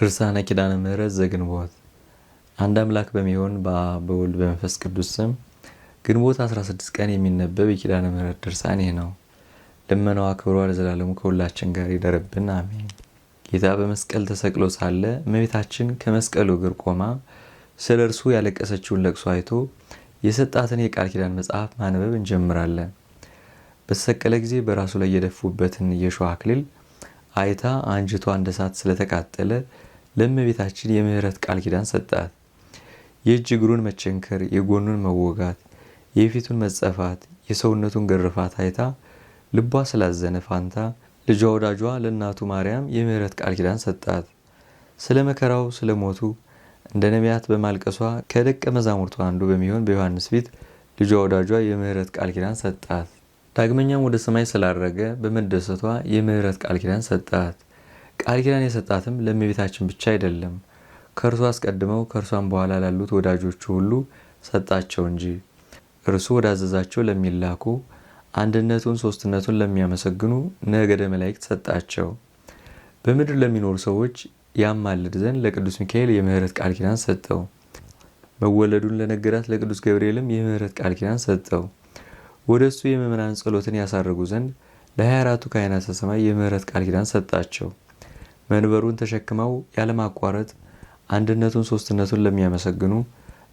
ድርሳነ ኪዳነ ምሕረት ዘግንቦት አንድ አምላክ በሚሆን በአብ በወልድ በመንፈስ ቅዱስ ስም ግንቦት 16 ቀን የሚነበብ የኪዳነ ምሕረት ድርሳን ይህ ነው። ልመናዋ ክብሯ ለዘላለሙ ከሁላችን ጋር ይደርብን፣ አሜን። ጌታ በመስቀል ተሰቅሎ ሳለ እመቤታችን ከመስቀሉ እግር ቆማ ስለ እርሱ ያለቀሰችውን ለቅሶ አይቶ የሰጣትን የቃል ኪዳን መጽሐፍ ማንበብ እንጀምራለን። በተሰቀለ ጊዜ በራሱ ላይ የደፉበትን የሾህ አክሊል አይታ አንጅቷ እንደ እሳት ስለተቃጠለ ለእመቤታችን የምህረት ቃል ኪዳን ሰጣት። የእጅ እግሩን መቸንከር፣ የጎኑን መወጋት፣ የፊቱን መጸፋት፣ የሰውነቱን ግርፋት አይታ ልቧ ስላዘነ ፋንታ ልጇ ወዳጇ ለእናቱ ማርያም የምህረት ቃል ኪዳን ሰጣት። ስለ መከራው ስለ ሞቱ እንደ ነቢያት በማልቀሷ ከደቀ መዛሙርቱ አንዱ በሚሆን በዮሐንስ ፊት ልጇ ወዳጇ የምህረት ቃል ኪዳን ሰጣት። ዳግመኛም ወደ ሰማይ ስላረገ በመደሰቷ የምህረት ቃል ኪዳን ሰጣት። ቃል ኪዳን የሰጣትም ለእመቤታችን ብቻ አይደለም፣ ከእርሷ አስቀድመው ከእርሷን በኋላ ላሉት ወዳጆቹ ሁሉ ሰጣቸው እንጂ እርሱ ወዳዘዛቸው ለሚላኩ አንድነቱን ሶስትነቱን ለሚያመሰግኑ ነገደ መላእክት ሰጣቸው። በምድር ለሚኖሩ ሰዎች ያማልድ ዘንድ ለቅዱስ ሚካኤል የምህረት ቃል ኪዳን ሰጠው። መወለዱን ለነገራት ለቅዱስ ገብርኤልም የምህረት ቃል ኪዳን ሰጠው። ወደ እሱ የምዕመናን ጸሎትን ያሳርጉ ዘንድ ለሀያ አራቱ ካህናተ ሰማይ የምህረት ቃል ኪዳን ሰጣቸው። መንበሩን ተሸክመው ያለማቋረጥ አንድነቱን ሶስትነቱን ለሚያመሰግኑ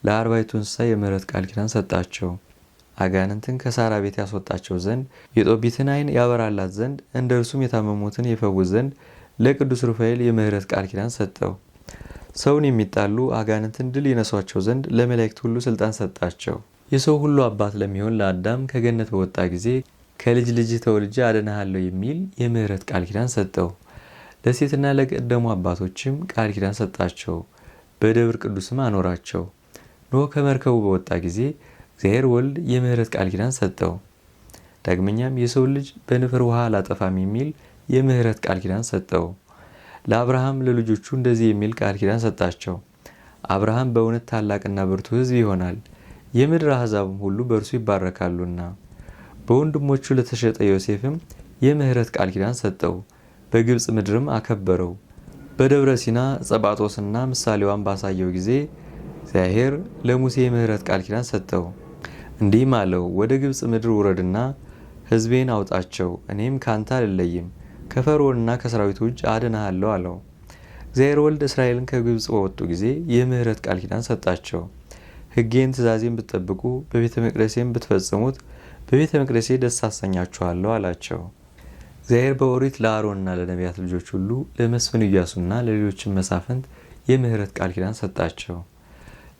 ለአርባይቱ እንስሳ የምህረት ቃል ኪዳን ሰጣቸው። አጋንንትን ከሳራ ቤት ያስወጣቸው ዘንድ የጦቢትን ዓይን ያበራላት ዘንድ እንደ እርሱም የታመሙትን የፈውስ ዘንድ ለቅዱስ ሩፋኤል የምህረት ቃል ኪዳን ሰጠው። ሰውን የሚጣሉ አጋንንትን ድል ይነሷቸው ዘንድ ለመላእክት ሁሉ ስልጣን ሰጣቸው። የሰው ሁሉ አባት ለሚሆን ለአዳም ከገነት በወጣ ጊዜ ከልጅ ልጅ ተወልጄ አድንሃለሁ የሚል የምህረት ቃል ኪዳን ሰጠው። ለሴትና ለቀደሙ አባቶችም ቃል ኪዳን ሰጣቸው፣ በደብር ቅዱስም አኖራቸው። ኖህ ከመርከቡ በወጣ ጊዜ እግዚአብሔር ወልድ የምህረት ቃል ኪዳን ሰጠው። ዳግመኛም የሰው ልጅ በንፍር ውሃ አላጠፋም የሚል የምህረት ቃል ኪዳን ሰጠው። ለአብርሃም ለልጆቹ እንደዚህ የሚል ቃል ኪዳን ሰጣቸው፣ አብርሃም በእውነት ታላቅና ብርቱ ሕዝብ ይሆናል የምድር አሕዛብም ሁሉ በእርሱ ይባረካሉና። በወንድሞቹ ለተሸጠ ዮሴፍም የምሕረት ቃል ኪዳን ሰጠው፣ በግብፅ ምድርም አከበረው። በደብረ ሲና ጸባጦስና ምሳሌዋን ባሳየው ጊዜ እግዚአብሔር ለሙሴ የምሕረት ቃል ኪዳን ሰጠው። እንዲህም አለው፣ ወደ ግብፅ ምድር ውረድና ሕዝቤን አውጣቸው፣ እኔም ካንተ አልለይም፣ ከፈርዖንና ከሰራዊቱ እጅ አድናሃለሁ አለው። እግዚአብሔር ወልድ እስራኤልን ከግብፅ በወጡ ጊዜ የምሕረት ቃል ኪዳን ሰጣቸው። ሕጌን ትእዛዜን ብትጠብቁ በቤተ መቅደሴን ብትፈጽሙት በቤተ መቅደሴ ደስ አሰኛችኋለሁ አላቸው። እግዚአብሔር በኦሪት ለአሮንና ለነቢያት ልጆች ሁሉ ለመስፍን ኢያሱና ለሌሎችን መሳፍንት የምህረት ቃል ኪዳን ሰጣቸው።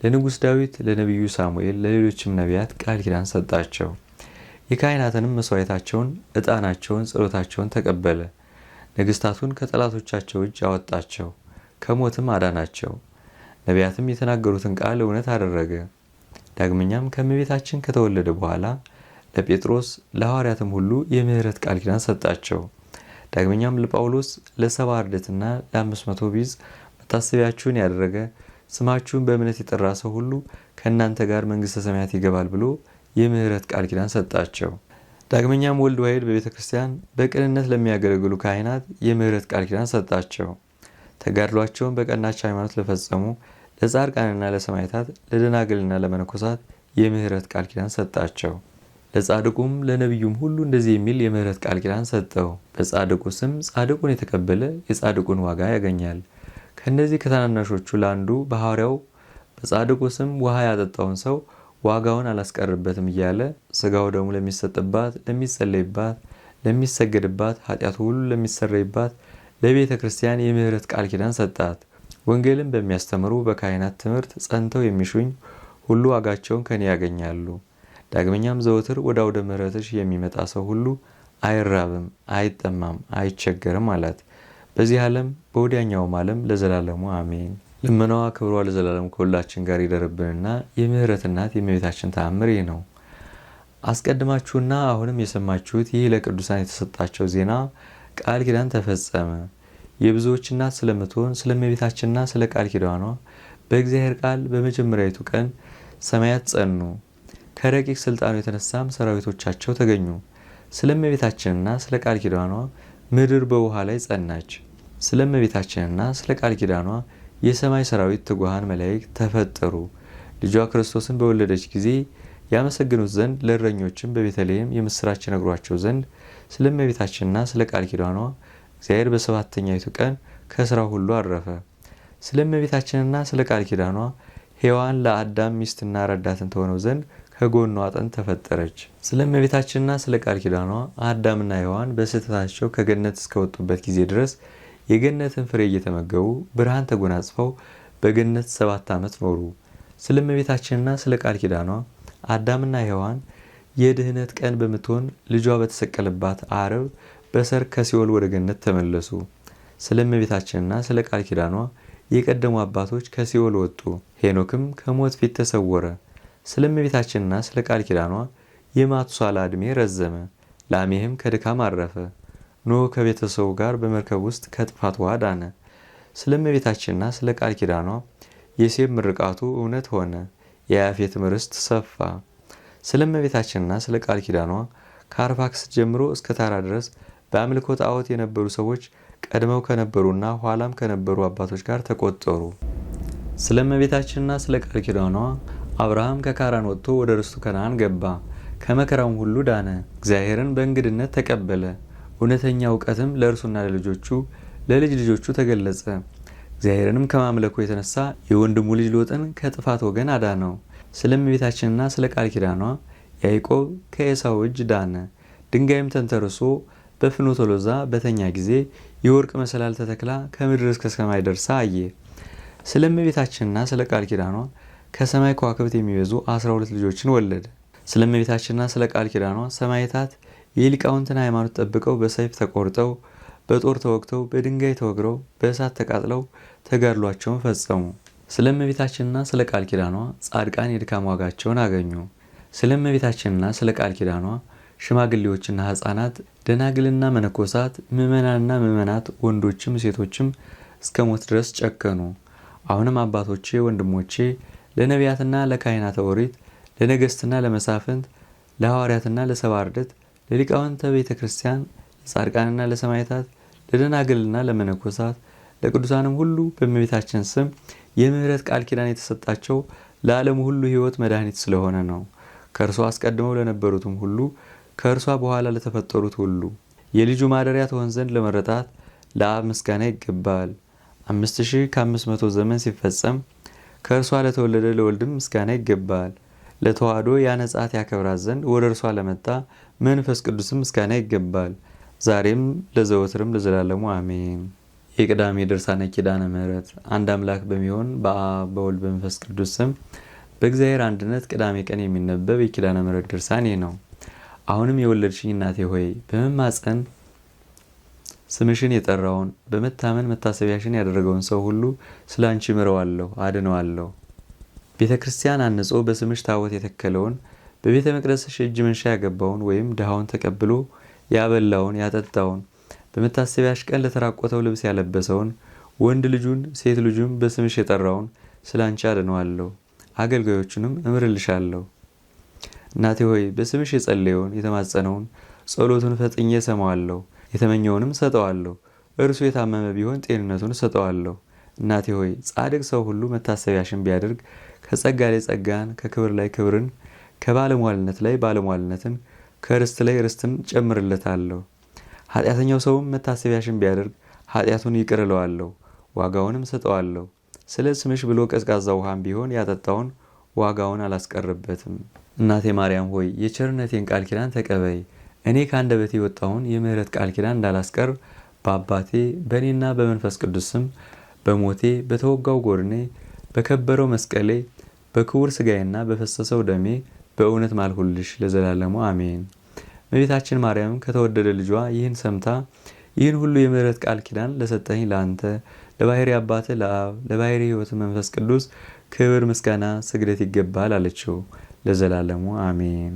ለንጉሥ ዳዊት፣ ለነቢዩ ሳሙኤል፣ ለሌሎችም ነቢያት ቃል ኪዳን ሰጣቸው። የካህናትንም መስዋይታቸውን ዕጣናቸውን፣ ጸሎታቸውን ተቀበለ። ነገሥታቱን ከጠላቶቻቸው እጅ አወጣቸው፣ ከሞትም አዳናቸው። ነቢያትም የተናገሩትን ቃል እውነት አደረገ። ዳግመኛም ከእመቤታችን ከተወለደ በኋላ ለጴጥሮስ ለሐዋርያትም ሁሉ የምሕረት ቃል ኪዳን ሰጣቸው። ዳግመኛም ለጳውሎስ ለሰባ አርደትና ለአምስት መቶ ቢዝ መታሰቢያችሁን ያደረገ ስማችሁን በእምነት የጠራ ሰው ሁሉ ከእናንተ ጋር መንግሥተ ሰማያት ይገባል ብሎ የምሕረት ቃል ኪዳን ሰጣቸው። ዳግመኛም ወልድ ዋሕድ በቤተ ክርስቲያን በቅንነት ለሚያገለግሉ ካህናት የምሕረት ቃል ኪዳን ሰጣቸው። ተጋድሏቸውን በቀናች ሃይማኖት ለፈጸሙ ለጻድቃንና ለሰማይታት ለደናግልና ለመነኮሳት የምህረት ቃል ኪዳን ሰጣቸው። ለጻድቁም ለነቢዩም ሁሉ እንደዚህ የሚል የምህረት ቃል ኪዳን ሰጠው። በጻድቁ ስም ጻድቁን የተቀበለ የጻድቁን ዋጋ ያገኛል። ከእነዚህ ከታናናሾቹ ለአንዱ በሐዋርያው በጻድቁ ስም ውሃ ያጠጣውን ሰው ዋጋውን አላስቀርበትም እያለ ስጋው ደግሞ ለሚሰጥባት፣ ለሚጸለይባት፣ ለሚሰገድባት ኃጢአቱ ሁሉ ለሚሰረይባት ለቤተ ክርስቲያን የምህረት ቃል ኪዳን ሰጣት። ወንጌልን በሚያስተምሩ በካህናት ትምህርት ጸንተው የሚሹኝ ሁሉ ዋጋቸውን ከኔ ያገኛሉ። ዳግመኛም ዘወትር ወደ አውደ ምሕረትሽ የሚመጣ ሰው ሁሉ አይራብም፣ አይጠማም፣ አይቸገርም አላት። በዚህ ዓለም በወዲያኛውም ዓለም ለዘላለሙ አሜን። ልመናዋ ክብሯ ለዘላለም ከሁላችን ጋር ይደርብንና የምሕረት እናት የእመቤታችን ተአምር ይህ ነው። አስቀድማችሁና አሁንም የሰማችሁት ይህ ለቅዱሳን የተሰጣቸው ዜና ቃል ኪዳን ተፈጸመ። የብዙዎች እናት ስለምትሆን ስለ እመቤታችንና ስለ ቃል ኪዳኗ በእግዚአብሔር ቃል በመጀመሪያዊቱ ቀን ሰማያት ጸኑ፣ ከረቂቅ ስልጣኑ የተነሳም ሰራዊቶቻቸው ተገኙ። ስለ እመቤታችንና ስለ ቃል ኪዳኗ ምድር በውሃ ላይ ጸናች። ስለ እመቤታችንና ስለ ቃል ኪዳኗ የሰማይ ሰራዊት ትጉሃን መላእክት ተፈጠሩ። ልጇ ክርስቶስን በወለደች ጊዜ ያመሰግኑት ዘንድ ለእረኞችም በቤተልሔም የምስራች ነግሯቸው ዘንድ ስለ እመቤታችንና ስለ ቃል ኪዳኗ እግዚአብሔር በሰባተኛዊቱ ቀን ከስራው ሁሉ አረፈ። ስለ እመቤታችንና ስለ ቃል ኪዳኗ ሔዋን ለአዳም ሚስትና ረዳትን ተሆነው ዘንድ ከጎኗ አጥንት ተፈጠረች። ስለ እመቤታችንና ስለ ቃል ኪዳኗ አዳምና ሔዋን በስህተታቸው ከገነት እስከወጡበት ጊዜ ድረስ የገነትን ፍሬ እየተመገቡ ብርሃን ተጎናጽፈው በገነት ሰባት ዓመት ኖሩ። ስለ እመቤታችንና ስለ ቃል ኪዳኗ አዳምና ሔዋን የድህነት ቀን በምትሆን ልጇ በተሰቀለባት አርብ በሰር ከሲኦል ወደ ገነት ተመለሱ። ስለ እመቤታችንና ስለ ቃል ኪዳኗ የቀደሙ አባቶች ከሲኦል ወጡ። ሄኖክም ከሞት ፊት ተሰወረ። ስለ እመቤታችንና ስለ ቃል ኪዳኗ የማቱሳላ ዕድሜ ረዘመ። ላሜህም ከድካም አረፈ። ኖህ ከቤተሰቡ ጋር በመርከብ ውስጥ ከጥፋት ውሃ ዳነ። ስለ እመቤታችንና ስለ ቃል ኪዳኗ የሴብ ምርቃቱ እውነት ሆነ። የያፌትም ርስት ሰፋ። ስለ እመቤታችንና ስለ ቃል ኪዳኗ ከአርፋክስ ጀምሮ እስከ ታራ ድረስ በአምልኮ ጣዖት የነበሩ ሰዎች ቀድመው ከነበሩና ኋላም ከነበሩ አባቶች ጋር ተቆጠሩ። ስለ እመቤታችንና ስለ ቃል ኪዳኗ አብርሃም ከካራን ወጥቶ ወደ ርስቱ ከነአን ገባ፣ ከመከራውም ሁሉ ዳነ። እግዚአብሔርን በእንግድነት ተቀበለ። እውነተኛ እውቀትም ለእርሱና ለልጆቹ ለልጅ ልጆቹ ተገለጸ። እግዚአብሔርንም ከማምለኩ የተነሳ የወንድሙ ልጅ ሎጥን ከጥፋት ወገን አዳነው። ስለ እመቤታችንና ስለ ቃል ኪዳኗ ያዕቆብ ከኤሳው እጅ ዳነ። ድንጋይም ተንተርሶ በፍኖተ ሎዛ በተኛ ጊዜ የወርቅ መሰላል ተተክላ ከምድር እስከ ሰማይ ደርሳ አየ። ስለ እመቤታችንና ስለ ቃል ኪዳኗ ከሰማይ ከዋክብት የሚበዙ 12 ልጆችን ወለደ። ስለ እመቤታችንና ስለ ቃል ኪዳኗ ሰማይታት የሊቃውንትን ሃይማኖት ጠብቀው በሰይፍ ተቆርጠው በጦር ተወግተው በድንጋይ ተወግረው በእሳት ተቃጥለው ተጋድሏቸውን ፈጸሙ። ስለ እመቤታችንና ስለ ቃል ኪዳኗ ጻድቃን የድካም ዋጋቸውን አገኙ። ስለ እመቤታችንና ስለ ቃል ኪዳኗ ሽማግሌዎችና ሕፃናት፣ ደናግልና መነኮሳት፣ ምዕመናንና ምዕመናት፣ ወንዶችም ሴቶችም እስከ ሞት ድረስ ጨከኑ። አሁንም አባቶቼ ወንድሞቼ፣ ለነቢያትና ለካህናተ ኦሪት፣ ለነገሥትና ለመሳፍንት፣ ለሐዋርያትና ለሰባርደት፣ ለሊቃውንተ ቤተ ክርስቲያን፣ ለጻድቃንና ለሰማይታት፣ ለደናግልና ለመነኮሳት፣ ለቅዱሳንም ሁሉ በእመቤታችን ስም የምሕረት ቃል ኪዳን የተሰጣቸው ለዓለሙ ሁሉ ሕይወት መድኃኒት ስለሆነ ነው። ከእርሶ አስቀድመው ለነበሩትም ሁሉ ከእርሷ በኋላ ለተፈጠሩት ሁሉ የልጁ ማደሪያ ትሆን ዘንድ ለመረጣት ለአብ ምስጋና ይገባል። አምስት ሺህ ከአምስት መቶ ዘመን ሲፈጸም ከእርሷ ለተወለደ ለወልድም ምስጋና ይገባል። ለተዋህዶ ያነጻት ያከብራት ዘንድ ወደ እርሷ ለመጣ መንፈስ ቅዱስም ምስጋና ይገባል። ዛሬም ለዘወትርም ለዘላለሙ አሜን። የቅዳሜ ድርሳነ ኪዳነ ምሕረት አንድ አምላክ በሚሆን በአብ በወልድ በመንፈስ ቅዱስ ስም በእግዚአብሔር አንድነት ቅዳሜ ቀን የሚነበብ የኪዳነ ምሕረት ድርሳን ነው። አሁንም የወለድሽኝ እናቴ ሆይ በመማፀን ስምሽን የጠራውን በመታመን መታሰቢያሽን ያደረገውን ሰው ሁሉ ስለ አንቺ ምረዋለሁ፣ አድነዋለሁ። ቤተ ክርስቲያን አንጾ በስምሽ ታቦት የተከለውን በቤተ መቅደስሽ እጅ መንሻ ያገባውን ወይም ድሃውን ተቀብሎ ያበላውን ያጠጣውን በመታሰቢያሽ ቀን ለተራቆተው ልብስ ያለበሰውን ወንድ ልጁን ሴት ልጁን በስምሽ የጠራውን ስለ አንቺ አድነዋለሁ፣ አገልጋዮቹንም እምርልሻለሁ። እናቴ ሆይ በስምሽ የጸለየውን የተማጸነውን ጸሎቱን ፈጥኜ እሰማዋለሁ፣ የተመኘውንም ሰጠዋለሁ እርሱ የታመመ ቢሆን ጤንነቱን እሰጠዋለሁ። እናቴ ሆይ ጻድቅ ሰው ሁሉ መታሰቢያሽን ቢያደርግ ከጸጋ ላይ ጸጋን፣ ከክብር ላይ ክብርን፣ ከባለሟልነት ላይ ባለሟልነትን፣ ከርስት ላይ ርስትን ጨምርለታለሁ። ኃጢአተኛው ሰውም መታሰቢያሽን ቢያደርግ ኃጢአቱን ይቅር እለዋለሁ፣ ዋጋውንም እሰጠዋለሁ። ስለ ስምሽ ብሎ ቀዝቃዛ ውሃም ቢሆን ያጠጣውን ዋጋውን አላስቀርበትም። እናቴ ማርያም ሆይ የቸርነቴን ቃል ኪዳን ተቀበይ። እኔ ከአንደበቴ የወጣውን የምህረት ቃል ኪዳን እንዳላስቀር በአባቴ በእኔና በመንፈስ ቅዱስ ስም በሞቴ በተወጋው ጎድኔ በከበረው መስቀሌ በክቡር ስጋዬና በፈሰሰው ደሜ በእውነት ማልሁልሽ ለዘላለሙ አሜን። እመቤታችን ማርያም ከተወደደ ልጇ ይህን ሰምታ ይህን ሁሉ የምህረት ቃል ኪዳን ለሰጠኝ ለአንተ ለባሕሪ አባት ለአብ ለባሕሪ ሕይወት መንፈስ ቅዱስ ክብር ምስጋና ስግደት ይገባል አለችው። ለዘላለሙ አሜን።